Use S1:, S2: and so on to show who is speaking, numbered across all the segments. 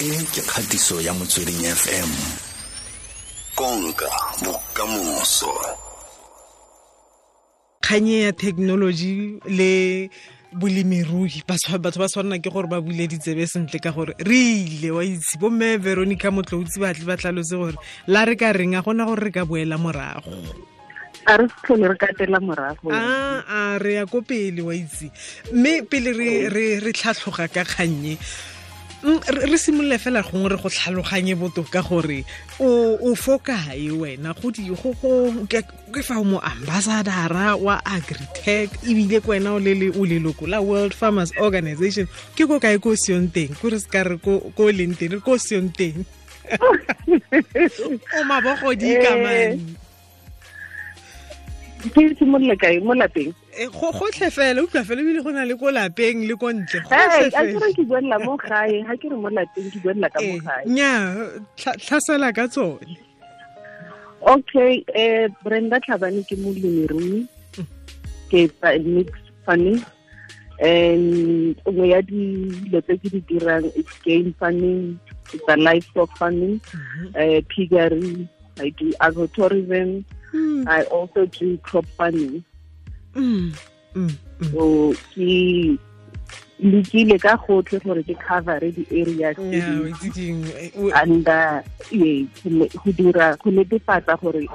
S1: e ke kgatiso ya motsweding fm konka bokamoso
S2: kganye ya thekenoloji le bolemirui batho ba tshwanela ke gore ba bule ditsebe sentle ka gore re ile wa itse bomme veronica motloutsi batle ba tlhalose gore la re ka reng a gona gore re ka boela morago
S1: a re re
S2: a re ya ko pele wa itse mme pele re tlhatlhoga ka kgannye re simolole fela gongwe re go tlhaloganye botoka gore o fokae wena go ke fa o mo ambassadora wa agritech ebile ko wena o leloko la world farmers organization ke ko kae ko seong teng ko re se ka re ko o leng teng re ko seong teng o mabogodi kamane eh
S1: pholisi mo lekae mo lapeng
S2: eh, go gotlhe fela utlwa fela ebile go na le ko lapeng le ko ntle gotlhe
S1: ke buelela mo gae ga ke re mo lapeng ke buelela ka mo eh, gae nya tlhasela ka tsone okay um brenda tlhabane ke molemirui ke mix farming and nngwe ya dilo tse ke di dirang its game farming tsa livestock farming um piggery i do agrotourism Mm. I also do crop farming. Mm. Mm. mm. So ke lekile ka gotlhe gore ke covere di-areas under go dira go netefatsa gore um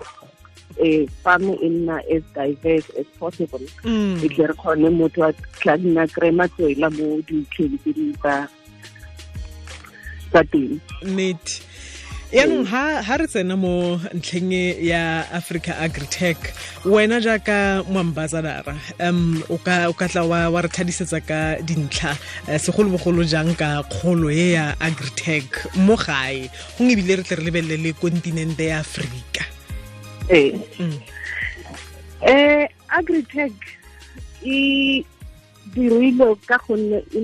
S1: eh, farm e nna as diverse as possible mm. e tle re kgone motho a tla nna kry matswela mo dintlheng tse di tsa teng
S2: yaanong ha re tsena mo ntlheng e ya africa agritech wena jaaka moambassadara um o ka tla wa re thadisetsa ka dintlha eh, segolobogolo jang ka kgolo e ya agritech mo gae gong ebile re tle re lebelele le kontinente ya aforika
S1: ee um agritech e dirilwe ka gonne e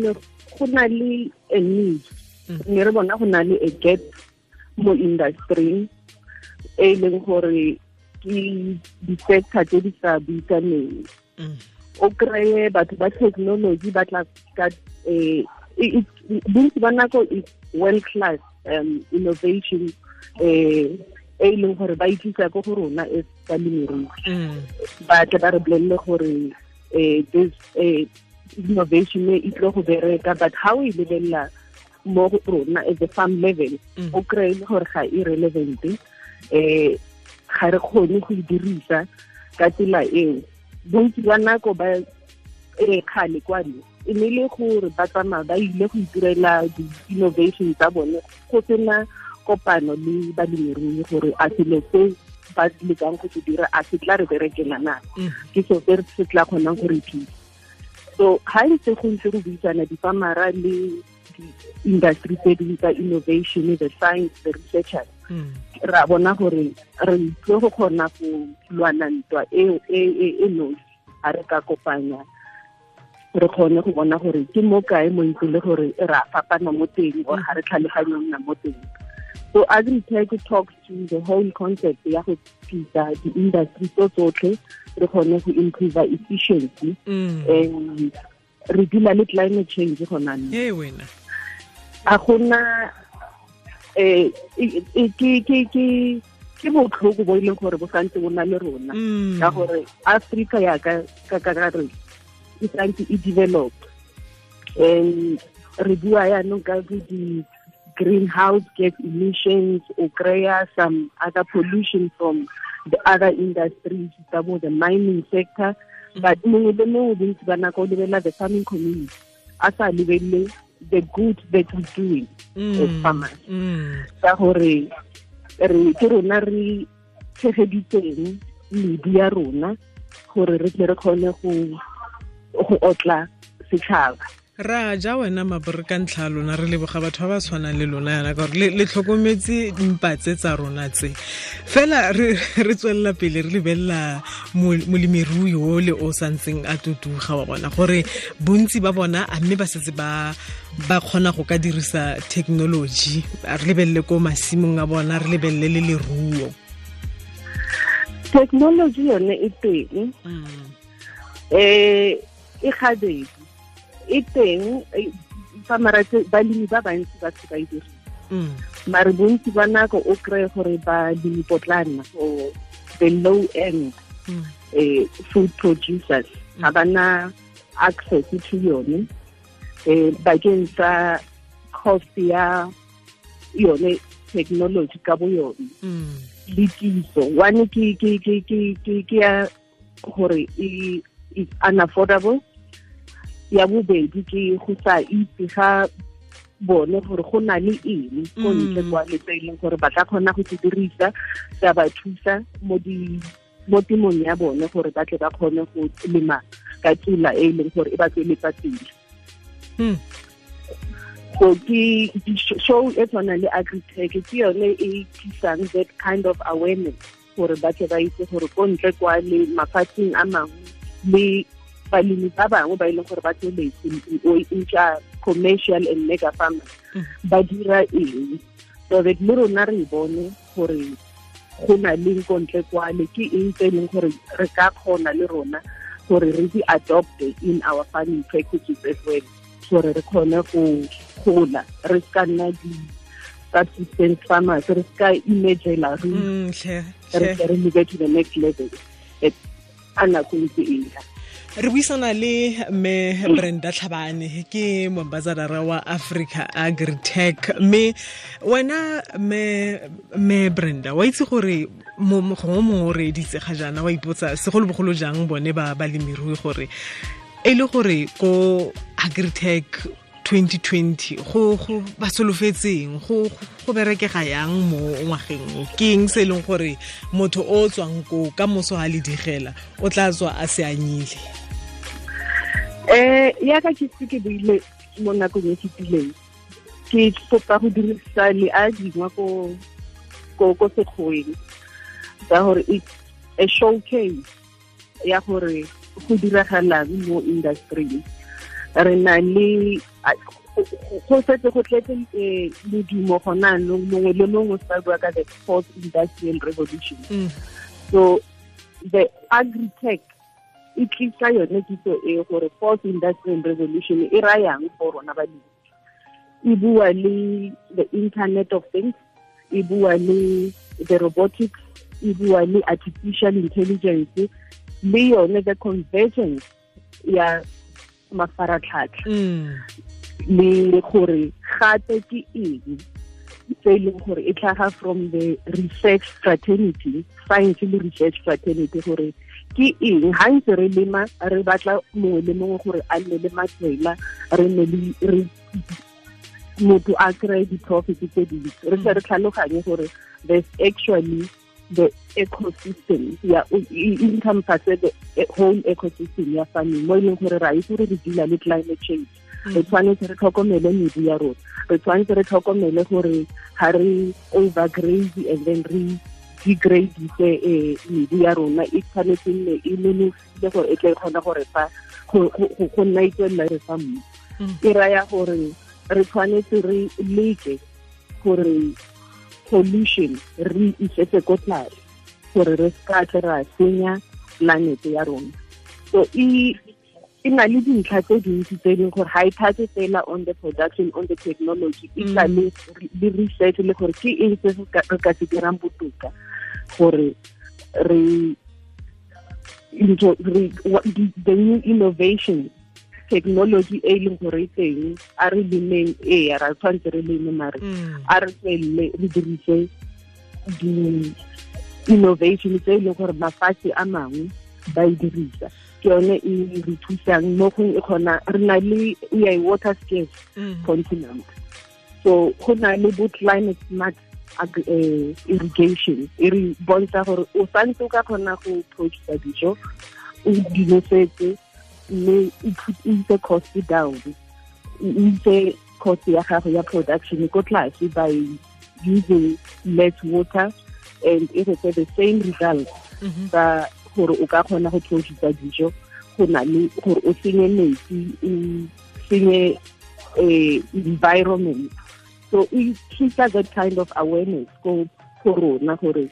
S1: go na le a need mm. mme re bona go na le a gap mo industry e leng gore ke di-sector tse di sa buikaneng mm. o kry-e batho ba technology ba tla ka um bontsi ba nako is world class um innovation um e e leng gore ba itlisa ko go rona e ka mm. ba tle ba re bolelele gore um this innovation e tlile go bereka but how e lebelela mo rona at the farm level mm. o kry le gore ga irelevant e um eh, ga re kgone go e dirisa ka tsela eo bontsi jwa nako ba um kgale kwane e ne e le gore ba tsamaya ba ile go itirela di-innovation tsa bone go sena kopano le balemirui gore a selo se ba lekang go se dira a se tla re berekela na mm. ke so se se tla kgonang gore phisa so ga ntse e go ntse go buisana difamara le the industry tse ding tsa innovation the science the researchers ra bona gore re tlile go kgona go lwana ntwa e nosi a re ka kopanya re kgone go bona gore ke mo kae mo le gore ra fapana mo teng or ga re mo teng so agritech talks to the whole concept ya go tlisa di-industry tso tsotlhe re kgone go improve efficiency um re dula le climate change a gona eh e, e, ke ke ke botlhoko bo e leng gore bo santse o na le rona mm. ka gore Africa ya ka ka ka e santse e develop and re bua yaanong ka di greenhouse gas emissions o kry-a some other pollution from the other industries tsa bo the mining sector but mongwe le mongwe bontsi ba nako o lebelela the farming community a sa lebelele the good that we doing mm. as farmers mm. ka gore re ke rona re tshegeditseng medi ya rona gore re tle re kgone go otla setšhaba
S2: ra ja wena mabore ka ntlha lona re leboga batho ba ba tshwanang le lona yana ka gore le tlhokometse mpatse tsa rona tse fela re tswelela pele re lebelela molemirui o le o santseng a totuga wa bona gore bontsi ba bona a mme ba setse ba kgona go ka dirisa thekenoloji re lebelele ko masimong a bona re lebelele le leruo
S1: thekenoloji yone e teng um e gabedi e teng tsamarate e, balemi ba bantsi ba se ba e dirisa mm. mare bontsi ba nako o kry gore balemi potlana o the low end um eh, food producers ga mm. ba bana access to yone eh, bakeng sa cost ya yone technology ka bo yone mm. le tiso one ke ya gore e, is unaffordable ya bobedi ke go sa itse ga bone gore go na le eng go mm. ntle kwa letse e leng gore ba tla kgona go se dirisa sa ba thusa mo di mo ya bone gore ba tle ba kgone go lema ka tsela e leng gore e ba tsweletsa hmm. so ke show e le agritech ke yone e tlisang that kind of awareness gore ba tle ba itse gore ko ntle kwa le mafatsheng a mangwe le balemi ba bangwe ba e leng gore ba tsweletse o commercial and mega farmer mm. ba dira eng so that le rona re e bone gore go na leng kontle kwale ke eng tse e leng gore re ka kgona le rona gore re di adopte in our farming practices as well gore re kgone go gola re ka nna di subsistence farmers re ka imagela mm, re re re to the next level a nako e ntse e re buisana le
S2: mme brenda tlhabane ke moambasarara wa africa agritech mme wena mme brenda wa itse gore gongwe mongwe o reeditse ga jaana wa ipotsa segolobogolo jang bone ba balemirui gore e le gore ko agritech 2020 go go ba solofetseng go go berekega yang mo ngwageng ke eng se e leng gore motho o tswang ko ka moso ha le digela o tla tswa a se anyile um
S1: eh, yaka ka ke se ke buile mo nakong e fetileng ke kopa go dirisa le a dingwa ko sekgweng ka gore it's a showcase ya gore go diragalang mo industry re na le go setse go tletse eh, modumo gona anong mongwe le mongwe sa bua ka the fourth industrial revolution mm. so the agri-tech e tlisa yone kitso e gore fourth industrial revolution e rayang for rona balemi e bua le the internet of things e bua le the robotics e bua le artificial intelligence le yone the convergence ya mafaratlhatlha mm. le gore gape ke eng tse e leng gore e tlhaga from the research fraternity science le research fraternity gore ke eng ntse re lema re batla mongwe le mongwe gore a nne le re le motho a kry-e di-profit tse dintsi re re tlhaloganye gore there's actually the ecosystem ya encompasse the e, whole ecosystem ya farming mo e leng gore ra itse gore re dula le climate change re mm. tshwanetse re tlhokomele mebu ya rona re tshwanetse re tlhokomele gore ga re overgraze and then re degradise e, mebu ya rona e tshwanetse e nne e nonofile gore e tle e kgone gore fa go nna itswelela re fa mmu e raya gore re tshwanetse re leke gore solution re itsetse ko tlase gore re ska ra senya planete ya rona so e na le dintlha tse dintsi tse ding gore ga e thatse fela on the production on the technology e tla le research le gore ke eng se re ka se dirang botoka gore re the new innovations teknoloji e li mkore se yon, ari li men e a, ari se li men mm. ridiri se, di, inovasyon se, yon e kor mafasi ama w, ba idiri se, kyon e yon ritusyan, mokon e, e kon a, rinali, e yon yon water-scale mm. continent, so, kon a li botline, smat, ag, e, irrigation, e rin bon sa kor, ou san tuka kon a, kon a, kon a, kon a, kon a, kon a, kon a, kon a, kon a, kon a, kon a, kon a, kon a, kon a, kon a, kon a, mme e itse cost down e itse cost ya gago ya production ko tlase by using less water and e the same result tsa mhm. gore o ka kgona go tlhogisa dijo go na le gore o senye metsi o senye eh, environment so e tlisa that kind of awareness ko go rona gore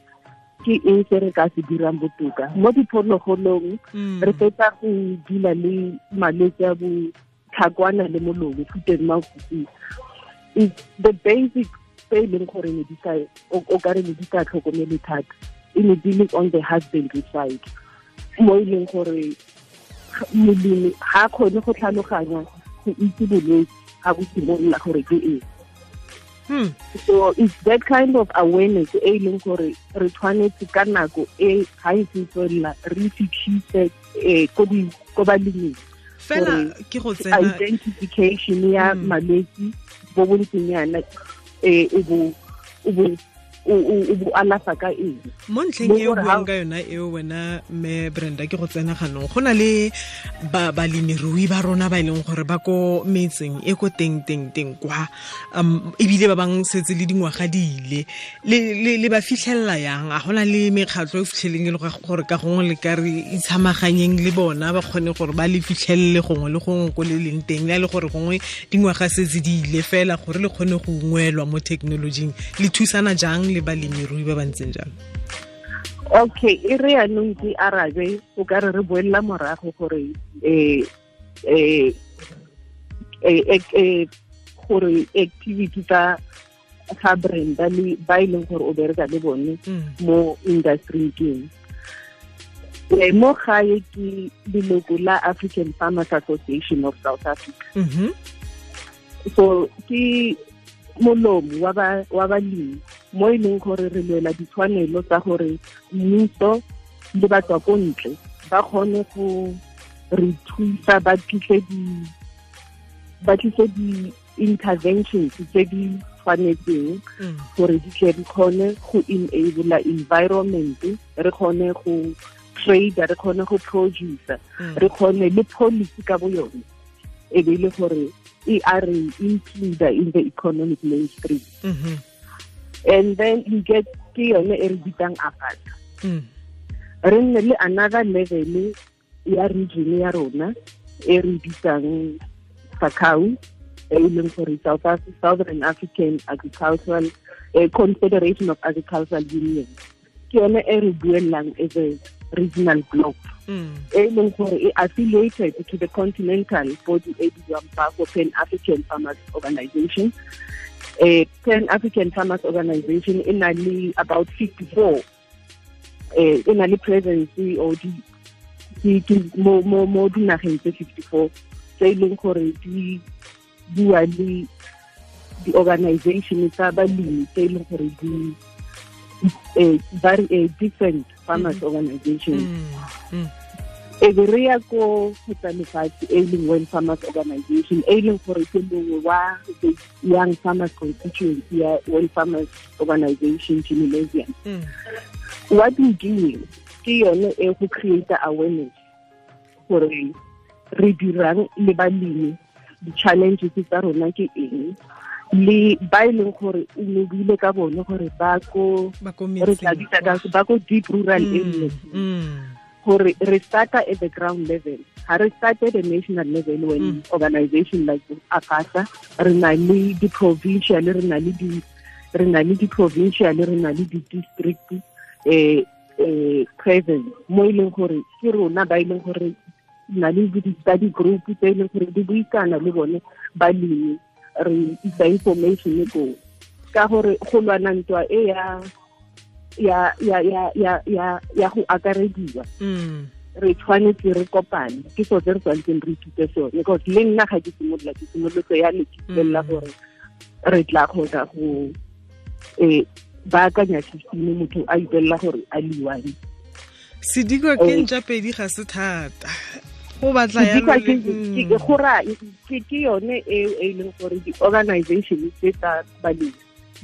S1: ke eng se re ka se dirang botoka mo diphologolong hmm. re fetsa go dila le malwetse a botlhakwana le molomo the basic tse e leng gore o ka re ne di sa tlhokomele thata e ne di le on the husbandry side mo e leng gore molemi ga a kgone go tlhaloganya go itse bolwetse ga bo simolola gore ke eng Hmm. so it's that kind of awareness A link or gore re to ka nako e ga e se tswelela re fitlhise um ko balemeng fela ke go tsena identification ya hmm. malwetse bo bontsinyana um o bo o bo alafa ka eng mo ntlheng e o buang
S2: ka yona eo wena mme branda ke go tsena ganong go na le balemirui ba rona ba e leng gore ba ko metseng e ko teng teng teng kwa um ebile ba bang setse le dingwaga di ile le ba fitlhelela yang a gona le mekgatlho e fitlheleng e le gore ka gongwe le ka re itshamaganyeng le bona ba kgone gore ba le fitlhelele gongwe le gongwe ko le leng teng le a e le gore gongwe dingwaga setse di ile fela gore le kgone go ungwelwa mo thekenolojing le thusana jang le balemirui ba ba ntseng jalo
S1: okay e re yanong ke arabe o ka re re boelela morago gore eh gore activity tsa ga brenda ba e leng gore o bereka le bone mm. mo industry keng um mo gae ke leloko la african farmers association of south africa mm-hmm. so ke molomo wa balemi mo e leng gore re lwela ditshwanelo tsa gore mmuso le batho ko ntle ba kgone go re thusa ba tlise di ba tlise di interventions tse di tshwanetseng mm. gore di tle di kgone go enable environment re kgone go trade re kgone go producer mm. re kgone le policy ka bo yone e be e le gore e a re include in the economic mainstream mm -hmm. and then you get ke yone e re bitsang apata mm. re nne le another level ya region ya rona e re bitsang sakau e leng gore south southern african agricultural uh, confederation of agricultural union ke yone e re buelelang as a regional block mm. e leng gore e affiliated to the continental body e bidiwang pan african farmers organization eh Pan African Farmers Organization in e Ali le about 54 eh in e Ali le presence o di di mo mo mo dinageng tse 54 tse e leng gore di bua le di-organization tsa balemi tse e leng gore di eh, eh, different farmers mm. organization mm, mm. e be re ya ko khutsanifatsi e leng wen farmers organization e leng gore ke mongwe wa the young farmers constituency ya wen farmers organization gymnasium what we do ke yone e go create awareness gore re dirang le balemi di-challenges tsa rona ke eng le ba e leng gore o nobile ka bone gore ba ko deep rural mm, areas mm. gore re starta at the ground level ha re starta at the national level when mm. organization like akasa re na le di-provincial re na le di re na le di-provincial re na le di-district eh, eh presence mo e leng gore ke rona ba e leng gore na le di-study group tse e leng gore di buisana le bone balemi re isa information e ko ka gore go lwana ntwa e ya ya ya ya ya ya ya go akarediwa mm. re tshwanetse re kopane ke so tse re tshwanetseng re ithute sone because le nna ga ke simolola ke simolotse ya le ke simolola mm. gore re tla kgona go um baakanya fifteen motho a ipelela gore a le
S2: sedikwa ke eh. pedi ga se thata
S1: go batla ya mm. ke yone e e leng gore di-organization tse tsa balemi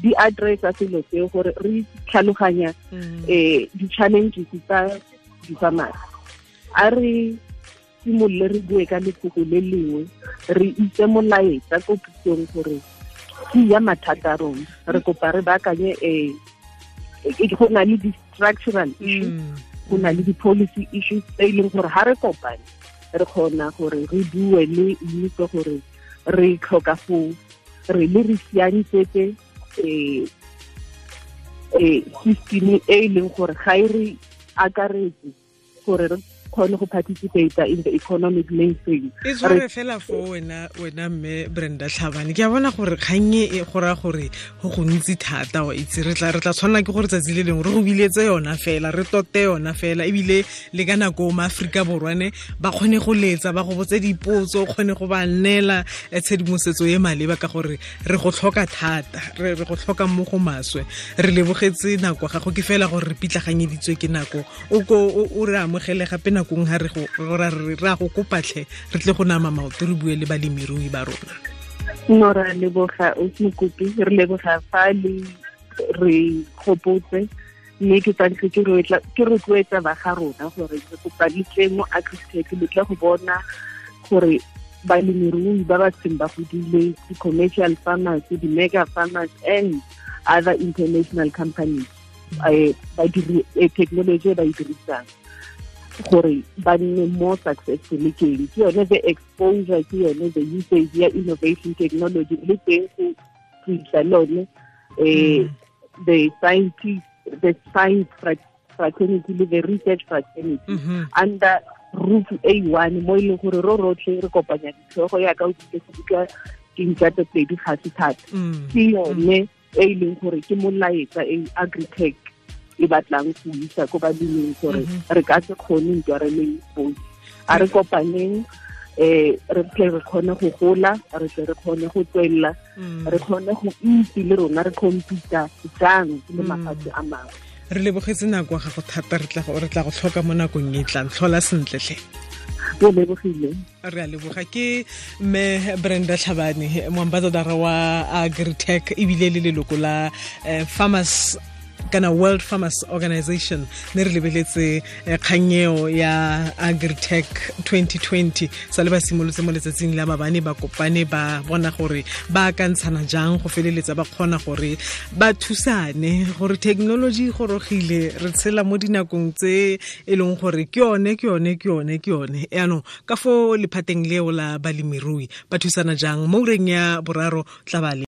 S1: di addressa selo seo gore re tlhaloganya um mm. eh, di-challenges tsa di-farmers a re simolole re bue ka lefoko le lengwe re itse molaetsa ko pusong gore ke ya mathata a rona re kopa re baakanye um go na le di-structural issues mm. go na le di-policy issues tse e leng gore ga re kopane re kgona gore re bue le nnitse gore re tlhoka go re le re sianisetse system e leng gore ga e re akaretse kgone go participate in the economic mainstream e tshware
S2: fela fo wena wena mme brenda tlhabane ke a bona gore e gore go gontsi thata wa itse re tla re tla ke gore tsatsi le lengwe re go biletse yona fela re tote yona fela le ka nako borwane ba kgone go letsa ba go botse dipotso o kgone go ba eh, tshedimosetso e maleba ka gore re go tlhoka thata re go tlhoka mo go maswe re lebogetse nako ke fela gore re pitlaganyeditswe ke nako o re amogele gape nako nakong ha re ra go kopatlhe re tle go nama maoto re bue le balemirui ba rona
S1: no ra leboga o re leboga fa le re gopotse mme ke tshwanetse ke rotloetsa ba ga rona gore re kopa mo agritech le tla go bona gore balemirui ba ba seng ba godile di-commercial farmers di-mega farmers and other international companies um technology ba e dirisang gore ba nne more successful keng ke yone the exposure ke yone the usage ya innovation technology le teng go fitlha le one um the scientist the science fraternity le the research fraternity mm-hmm. under roof a one mo e leng gore ro rotlhe re kopanya ditlhogo yaka o dile go butlwa dintlato pedi gase thata mm. ke yone mm. e e leng gore ke molaetsa e agritech e batlang go isa ko badimeng gore mhm. re ka se kgone ntwa re leng boi a re kopaneng eh re tle re khone go gola re tle re khone go tswella mm. re khone go itse le rona re computer jang le mm. mafatshe a mangwe
S2: re lebogetse nako ga go thata re tla go re tla go tlhoka mo nakong e tlang tlhola sentle tle lebogile re a leboga ke me brenda tlhabane moambassadara wa agritech ebile le leloko la eh, farmers kana world farmers organization ne re lebeletse eh, kganyeo ya agritech 2020 sa le ba simolotse mo letsatsing la mabane ba kopane ba bona gore ba akantshana jang go feleletsa ba kgona gore ba thusane gore technology e gorogile re tshela mo dinakong tse e leng gore ke yone ke yone ke yone ke yone yaanong ka fo lephateng leo la balemirui ba thusana jang mo ureng ya boraro tla bale